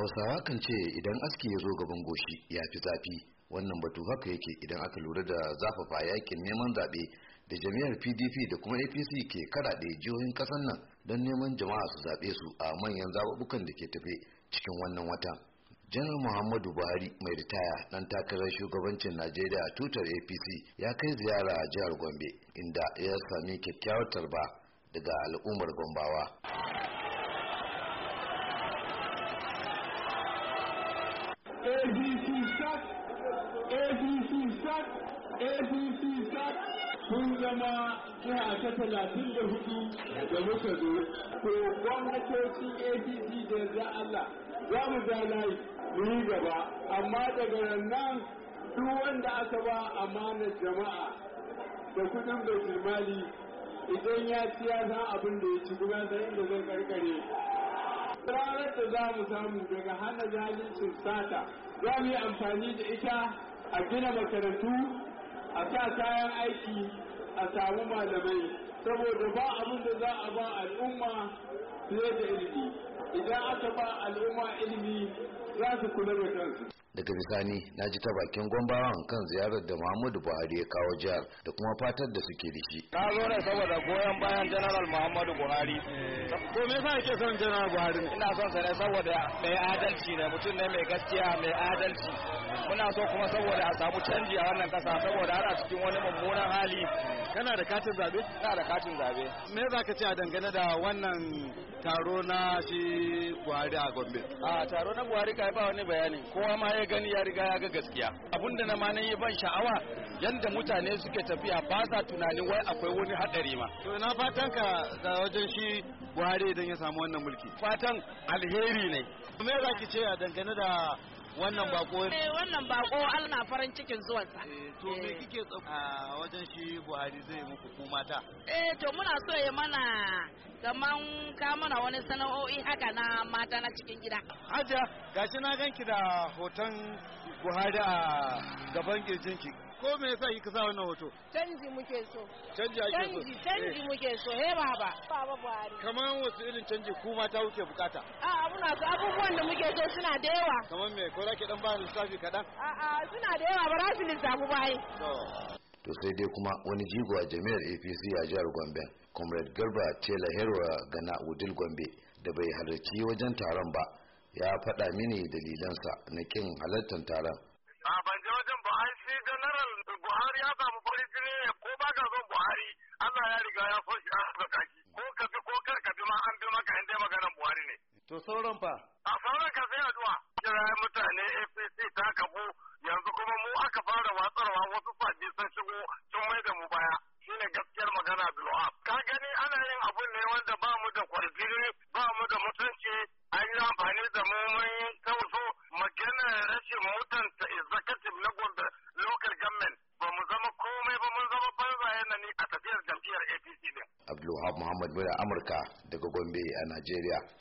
hausawa kan ce idan aski ya zo gaban goshi ya fi zafi wannan batu haka yake idan aka lura da zafafa yakin neman zaɓe da jami'ar pdp da kuma apc ke karaɗe jihohin ƙasar nan don neman jama'a su zaɓe su a manyan zaɓuɓɓukan da ke tafe cikin wannan watan janar muhammadu buhari mai ritaya dan takarar shugabancin najeriya tutar apc ya kai ziyara a jihar gombe inda ya sami kyakkyawar tarba daga al'ummar gombawa abc sat abc sat abc sat sun zama jiha ta talatin da hudu da muka zo ko gwamnatoci abc da za Allah za mu da layi mu yi gaba amma daga nan duk wanda aka ba amanar jama'a da kudin bai idan ya ci ya san abin da ya ci kuma san inda zai karkare ranar da za mu samu daga hana jahilcin sata za mu yi amfani da ita a gina makarantu a sa kayan aiki a samu malamai saboda ba abin da za a ba al'umma fiye da ilimi idan aka ba al'umma ilimi za su kula da kansu daga bisani na ji ta bakin gombawan kan ziyarar da muhammadu buhari ya kawo jihar da kuma fatar da suke da shi na zo ne saboda goyon bayan general muhammadu buhari ko eh. me yasa yake son general buhari ina son sa ne saboda mai adalci ne mutum ne mai gaskiya mai adalci muna so kuma saboda a samu canji a wannan kasa saboda ana cikin wani mummunan hali kana da katin zabe Kana da katin zabe me za ka ce a dangane da wannan taro na shi buhari a gombe a taro na buhari kai ba wani bayani kowa ma ya gani ya riga ya ga gaskiya abinda na manan ya yi ban sha'awa yadda mutane suke tafiya ba sa tunanin wai akwai wani hadari ma to na fatan ka da wajen shi Buhari idan ya samu wannan mulki fatan alheri ne me za ki ce a dangane da wannan bako eh wannan bako Allah farin cikin zuwansa eh, to me kike tsoka wajen shi Buhari zai muku kuma ta eh to muna so ya mana kaman ka mana wani sana'o'i haka na mata na cikin gida. Hajiya gashi na ganki da hoton Buhari a gaban kirjinki. Ko me yasa yi ka sa wannan hoto? Canji muke so. Canji ake so. Canji canji eh. muke so he baba. Baba Buhari. Kaman wasu irin canji ku mata kuke bukata? A'a abuna so abubuwan da muke so suna da yawa. Kaman me ko zaki dan ba lissafi kaɗan? A'a suna da yawa ba za su lissafi bai. To. to sai dai kuma wani jigo a jami'ar apc a jihar gombe comrade garba ce herwa gana wudil gombe da bai halarci wajen taron ba ya faɗa mini dalilansa na kin halartar taron a ban je wajen buhari shi general buhari ya samu farin jini ko ba ka son buhari allah ya riga ya so shi an haɗa shi ko ka fi ko kar ka fi ma an bi maka inda maganar buhari ne to sauran fa a sauran ka sai zuwa? kira mutane apc ta kabu Abdulwahab. Ka gani ana yin abu ne wanda ba mu da kwarjini, ba mu da mutunci, an yi amfani da mu mun magana rashin mutunta executive na gwamnati local government. Ba mu zama komai ba mun zama banzaye na ni a tafiyar jam'iyyar APC ne. Abdulwahab Muhammad Mura Amurka daga Gombe a Najeriya.